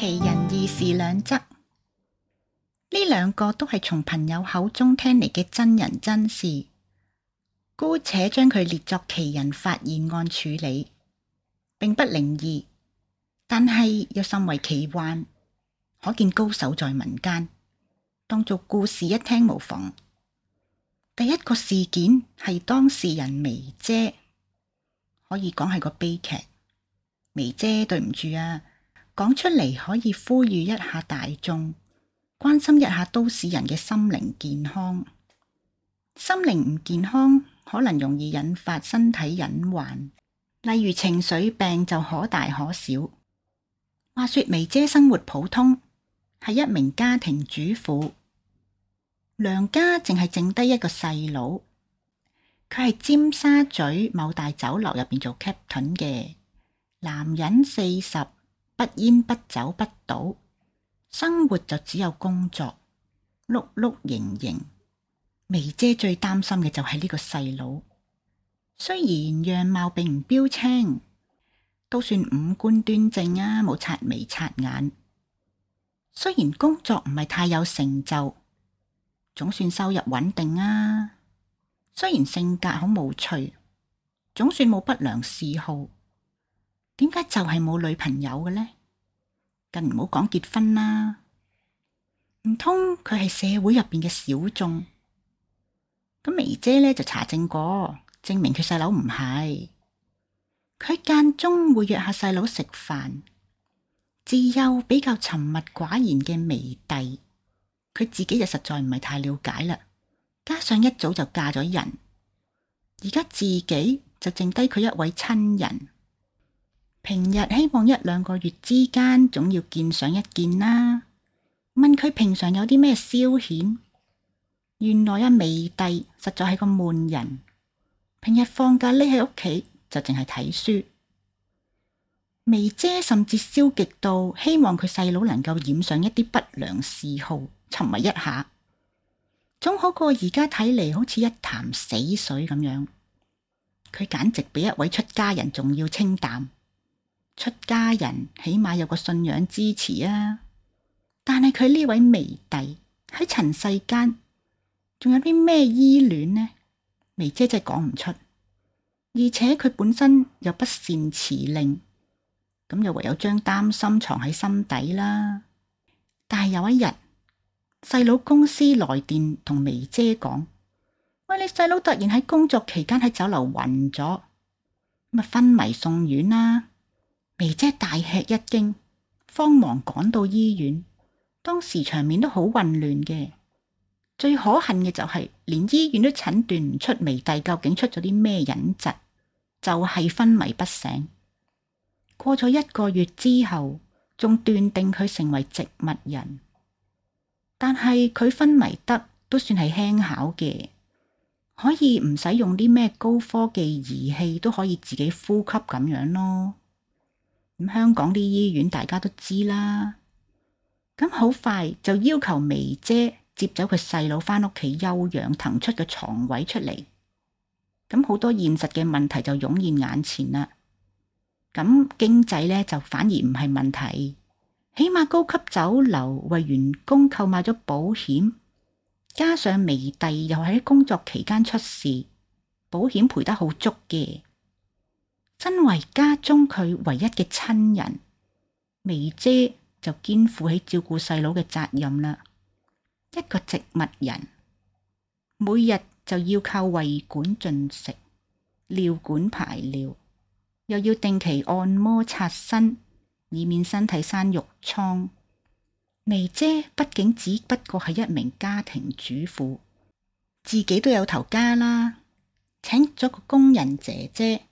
奇人異士兩則，呢兩個都係從朋友口中聽嚟嘅真人真事，姑且將佢列作奇人發現案處理，並不靈異，但係又甚為奇幻，可見高手在民間，當做故事一聽無妨。第一個事件係當事人眉姐，可以講係個悲劇，眉姐對唔住啊！講出嚟，可以呼籲一下大眾，關心一下都市人嘅心靈健康。心靈唔健康，可能容易引發身體隱患，例如情緒病就可大可小。話說，眉姐生活普通，係一名家庭主婦，娘家淨係剩低一個細佬。佢係尖沙咀某大酒樓入邊做 captain 嘅，男人四十。不煙不酒不賭，生活就只有工作碌碌營營。眉姐最擔心嘅就係呢個細佬，雖然樣貌並唔標青，都算五官端正啊，冇刷眉刷眼。雖然工作唔係太有成就，總算收入穩定啊。雖然性格好無趣，總算冇不良嗜好。點解就係冇女朋友嘅呢？更唔好講結婚啦，唔通佢係社會入邊嘅小眾？咁梅姐呢就查證過，證明佢細佬唔係。佢間中會約下細佬食飯。自幼比較沉默寡言嘅梅弟，佢自己就實在唔係太了解啦。加上一早就嫁咗人，而家自己就剩低佢一位親人。平日希望一兩個月之間，總要見上一見啦。問佢平常有啲咩消遣？原來阿、啊、眉帝實在係個悶人，平日放假匿喺屋企就淨係睇書。眉姐甚至消極到希望佢細佬能夠染上一啲不良嗜好，沉迷一下，總好過而家睇嚟，好似一潭死水咁樣。佢簡直比一位出家人仲要清淡。出家人起碼有個信仰支持啊，但係佢呢位微弟喺塵世間仲有啲咩依戀呢？微姐，姐真係講唔出，而且佢本身又不善辭令，咁又唯有將擔心藏喺心底啦。但係有一日，細佬公司來電同微姐講：喂，你細佬突然喺工作期間喺酒樓暈咗，咁啊昏迷送院啦。眉姐大吃一驚，慌忙趕到醫院。當時場面都好混亂嘅，最可恨嘅就係連醫院都診斷唔出，眉帝究竟出咗啲咩隱疾，就係昏迷不醒。過咗一個月之後，仲斷定佢成為植物人。但係佢昏迷得都算係輕巧嘅，可以唔使用啲咩高科技儀器都可以自己呼吸咁樣咯。咁香港啲醫院大家都知啦，咁好快就要求薇姐接走佢細佬返屋企休養，騰出個床位出嚟。咁好多現實嘅問題就湧現眼前啦。咁經濟呢，就反而唔係問題，起碼高級酒樓為員工購買咗保險，加上薇弟又喺工作期間出事，保險賠得好足嘅。身為家中佢唯一嘅親人，眉姐就肩負起照顧細佬嘅責任啦。一個植物人，每日就要靠胃管進食、尿管排尿，又要定期按摩擦身，以免身體生褥瘡。眉姐畢竟只不過係一名家庭主婦，自己都有頭家啦，請咗個工人姐姐。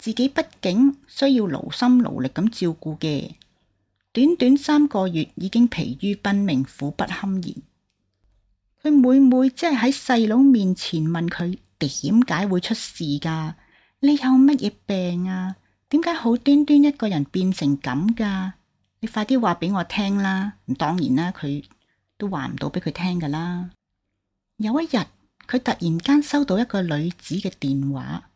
自己畢竟需要勞心勞力咁照顧嘅，短短三個月已經疲於奔命，苦不堪言。佢妹妹即係喺細佬面前問佢點解會出事噶？你有乜嘢病啊？點解好端端一個人變成咁噶？你快啲話俾我聽啦！當然啦，佢都話唔到俾佢聽噶啦。有一日，佢突然間收到一個女子嘅電話。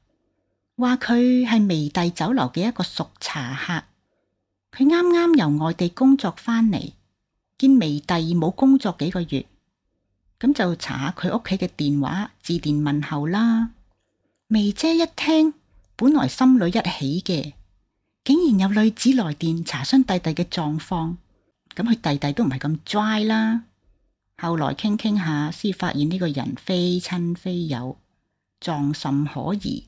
話佢係微弟酒樓嘅一個熟茶客，佢啱啱由外地工作翻嚟，見微弟冇工作幾個月，咁就查下佢屋企嘅電話，致電問候啦。微姐一聽，本來心裏一喜嘅，竟然有女子來電查詢弟弟嘅狀況，咁佢弟弟都唔係咁 dry 啦。後來傾傾下，先發現呢個人非親非友，狀甚可疑。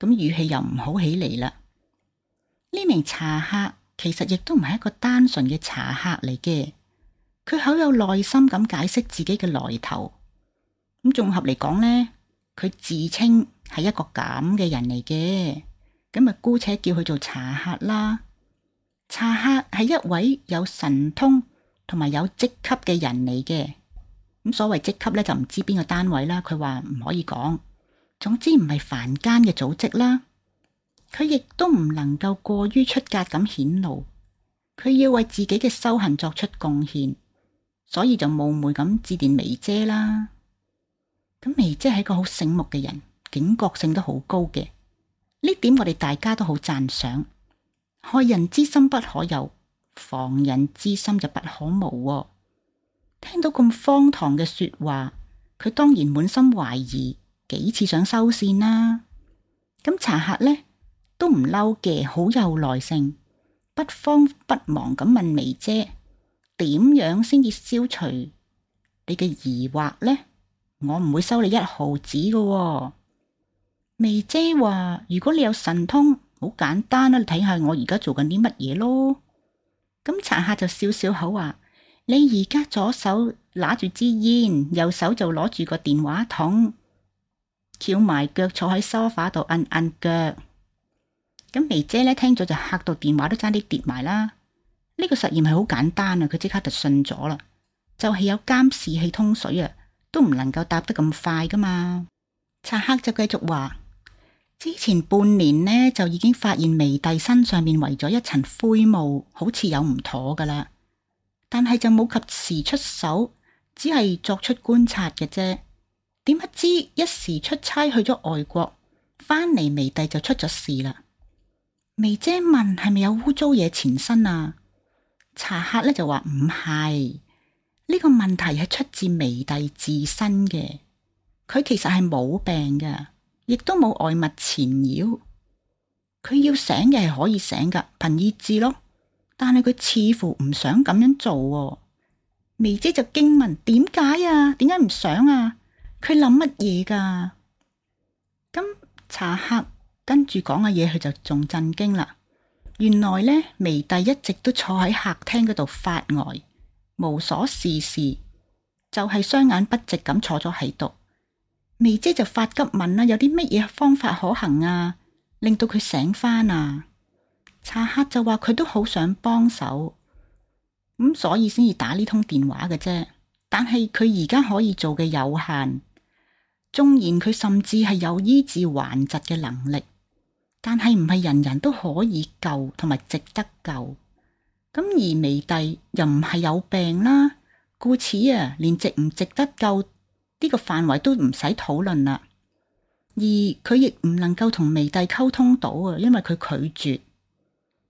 咁語氣又唔好起嚟啦！呢名茶客其實亦都唔係一個單純嘅茶客嚟嘅，佢好有耐心咁解釋自己嘅來頭。咁綜合嚟講呢，佢自稱係一個咁嘅人嚟嘅，咁咪姑且叫佢做茶客啦。茶客係一位有神通同埋有職級嘅人嚟嘅。咁所謂職級咧，就唔知邊個單位啦。佢話唔可以講。總之唔係凡間嘅組織啦，佢亦都唔能夠過於出格咁顯露，佢要為自己嘅修行作出貢獻，所以就冒昧咁致電眉姐啦。咁眉姐係個好醒目嘅人，警覺性都好高嘅，呢點我哋大家都好讚賞。害人之心不可有，防人之心就不可無喎。聽到咁荒唐嘅說話，佢當然滿心懷疑。幾次想收線啦、啊，咁茶客呢，都唔嬲嘅，好有耐性，不慌不忙咁問眉姐點樣先至消除你嘅疑惑呢？我唔會收你一毫子噶、哦。眉姐話：如果你有神通，好簡單啦、啊，你睇下我而家做緊啲乜嘢咯。咁茶客就笑笑口話：你而家左手拿住支煙，右手就攞住個電話筒。翹埋腳坐喺梳化度，摁摁腳。咁眉姐呢聽咗就嚇到，電話都差啲跌埋啦。呢、這個實驗係好簡單啊，佢即刻就信咗啦。就係、是、有監視器通水啊，都唔能夠答得咁快噶嘛。查克就繼續話：之前半年呢，就已經發現眉帝身上面圍咗一層灰霧，好似有唔妥噶啦。但係就冇及時出手，只係作出觀察嘅啫。點不知一時出差去咗外國，翻嚟微帝就出咗事啦。微姐問係咪有污糟嘢纏身啊？茶客咧就話唔係，呢個問題係出自微帝自身嘅。佢其實係冇病嘅，亦都冇外物纏繞。佢要醒嘅係可以醒噶，憑意志咯。但係佢似乎唔想咁樣做啊。微姐就驚問：點解啊？點解唔想啊？佢諗乜嘢噶？咁查克跟住講嘅嘢，佢就仲震驚啦。原來呢，微帝一直都坐喺客廳嗰度發呆，無所事事，就係、是、雙眼不直咁坐咗喺度。微姐就發急問啦、啊：有啲乜嘢方法可行啊？令到佢醒翻啊！查克就話佢都好想幫手，咁所以先至打呢通電話嘅啫。但係佢而家可以做嘅有限。縱然佢甚至係有醫治頑疾嘅能力，但係唔係人人都可以救同埋值得救。咁而微帝又唔係有病啦，故此啊，連值唔值得救呢個範圍都唔使討論啦。而佢亦唔能夠同微帝溝通到啊，因為佢拒絕。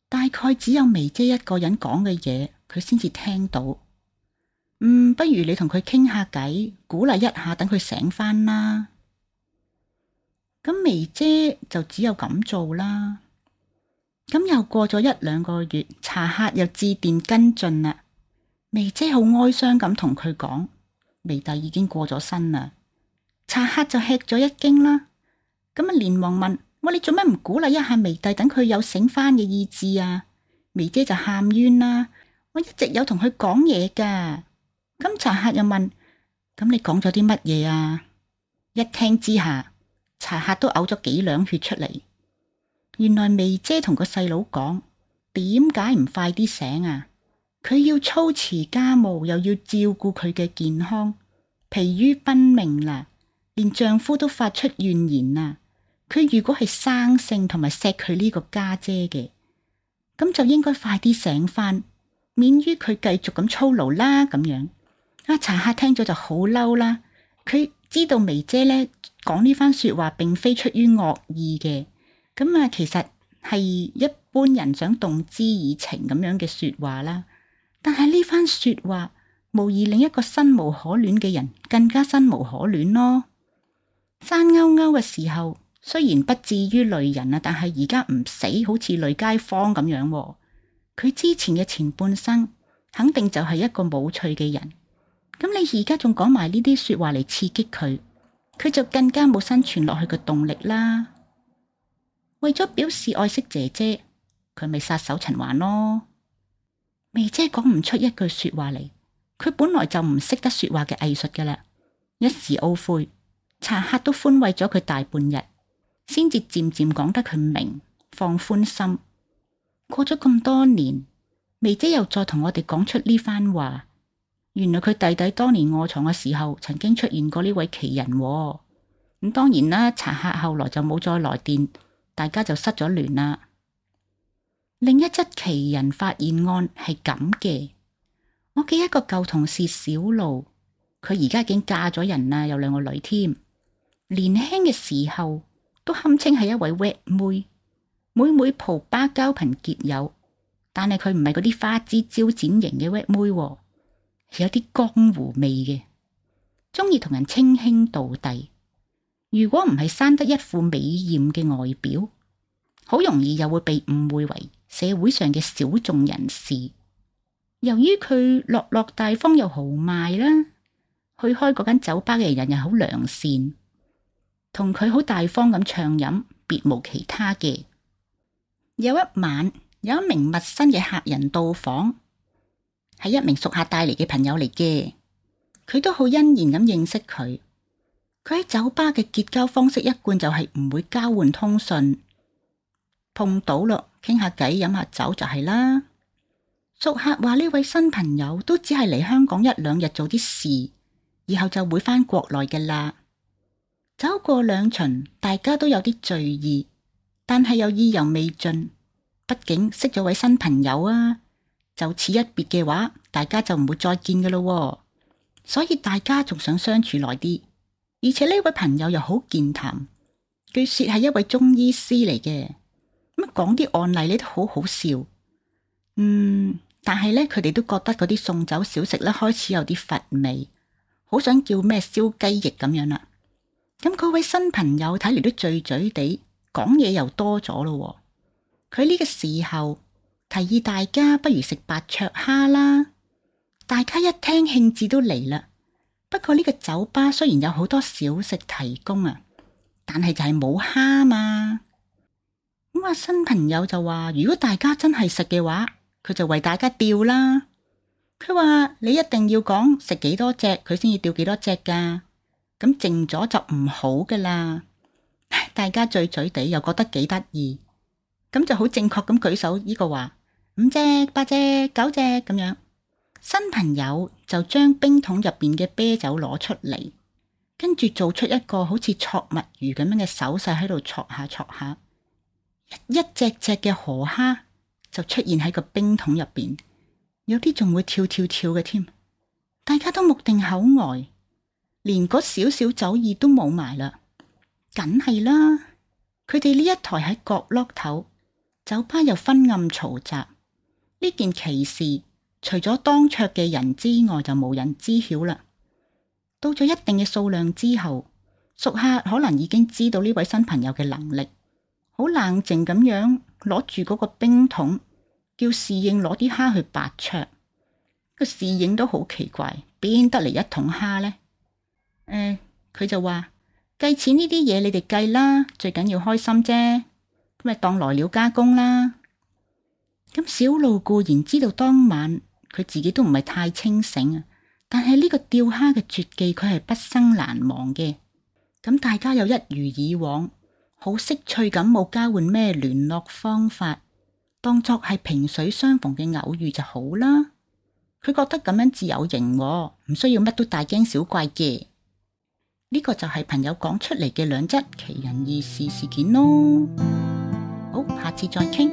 大概只有微姐一個人講嘅嘢，佢先至聽到。嗯，不如你同佢傾下偈，鼓勵一下，等佢醒返啦。咁薇姐就只有咁做啦。咁又過咗一兩個月，茶客又致電跟進啦。薇姐好哀傷咁同佢講，薇弟已經過咗身啦。茶客就吃咗一驚啦，咁啊連忙問我：你做咩唔鼓勵一下薇弟，等佢有醒返嘅意志啊？薇姐就喊冤啦，我一直有同佢講嘢噶。咁茶客又問：咁你講咗啲乜嘢啊？一聽之下，茶客都嘔咗幾兩血出嚟。原來媚姐同個細佬講：點解唔快啲醒啊？佢要操持家務，又要照顧佢嘅健康，疲於奔命啦，連丈夫都發出怨言啦。佢如果係生性同埋錫佢呢個家姐嘅，咁就應該快啲醒翻，免於佢繼續咁操勞啦。咁樣。阿茶客聽咗就好嬲啦！佢知道眉姐咧講呢講番說話，並非出於惡意嘅。咁啊，其實係一般人想動之以情咁樣嘅說話啦。但係呢番說話，無疑令一個生無可戀嘅人更加生無可戀咯。生勾勾嘅時候，雖然不至於累人啊，但係而家唔死，好似累街坊咁樣。佢之前嘅前半生，肯定就係一個冇趣嘅人。咁你而家仲講埋呢啲說話嚟刺激佢，佢就更加冇生存落去嘅動力啦。為咗表示愛惜姐姐，佢咪撒手塵寰咯。媚姐講唔出一句說話嚟，佢本來就唔識得說話嘅藝術嘅啦，一時懊悔，茶客都寬慰咗佢大半日，先至漸漸講得佢明，放寬心。過咗咁多年，媚姐又再同我哋講出呢番話。原來佢弟弟當年臥床嘅時候，曾經出現過呢位奇人咁、哦，當然啦，茶客後來就冇再來電，大家就失咗聯啦。另一則奇人發現案係咁嘅，我記得一個舊同事小露，佢而家已經嫁咗人啦，有兩個女添。年輕嘅時候都堪稱係一位 rap 妹，每每蒲吧交朋結友，但係佢唔係嗰啲花枝招展型嘅 rap 妹，哦。有啲江湖味嘅，中意同人稱兄道弟。如果唔係生得一副美豔嘅外表，好容易又會被誤會為社會上嘅小眾人士。由於佢落落大方又豪邁啦，去開嗰間酒吧嘅人又好良善，同佢好大方咁暢飲，別無其他嘅。有一晚，有一名陌生嘅客人到訪。係一名熟客帶嚟嘅朋友嚟嘅，佢都好欣然咁認識佢。佢喺酒吧嘅結交方式一貫就係唔會交換通訊，碰到咯傾下偈飲下酒就係啦。熟客話呢位新朋友都只係嚟香港一兩日做啲事，以後就會翻國內嘅啦。酒過兩巡，大家都有啲醉意，但係又意猶未盡，畢竟識咗位新朋友啊。就此一別嘅話，大家就唔會再見嘅咯。所以大家仲想相處耐啲，而且呢位朋友又好健談，據說係一位中醫師嚟嘅。咁講啲案例你都好好笑。嗯，但係呢，佢哋都覺得嗰啲送酒小食咧開始有啲乏味，好想叫咩燒雞翼咁樣啦。咁嗰位新朋友睇嚟都醉醉地，講嘢又多咗咯。佢呢個時候。提議大家不如食白灼蝦啦，大家一聽興致都嚟啦。不過呢個酒吧雖然有好多小食提供啊，但係就係冇蝦嘛。咁阿新朋友就話：如果大家真係食嘅話，佢就為大家釣啦。佢話你一定要講食幾多隻，佢先要釣幾多隻噶啊。咁剩咗就唔好噶啦。大家醉醉地又覺得幾得意，咁就好正確咁舉手呢個話。五隻、八隻、九隻咁樣新朋友就將冰桶入邊嘅啤酒攞出嚟，跟住做出一個好似戳墨魚咁樣嘅手勢喺度戳下戳下，一一隻隻嘅河蝦就出現喺個冰桶入邊，有啲仲會跳跳跳嘅添。大家都目定口呆，連嗰少少酒意都冇埋啦，梗係啦。佢哋呢一台喺角落頭酒吧又昏暗嘈雜。呢件奇事，除咗當桌嘅人之外，就無人知曉啦。到咗一定嘅數量之後，熟客可能已經知道呢位新朋友嘅能力，好冷靜咁樣攞住嗰個冰桶，叫侍應攞啲蝦去白灼。個侍應都好奇怪，邊得嚟一桶蝦呢？誒，佢就話計錢呢啲嘢，你哋計啦，最緊要開心啫，咁咪當來料加工啦。咁小路固然知道當晚佢自己都唔係太清醒啊，但係呢個釣蝦嘅絕技佢係畢生難忘嘅。咁大家又一如以往，好識趣咁冇交換咩聯絡方法，當作係萍水相逢嘅偶遇就好啦。佢覺得咁樣自有型，哦，唔需要乜都大驚小怪嘅。呢、這個就係朋友講出嚟嘅兩則奇人異事事件咯。好，下次再傾。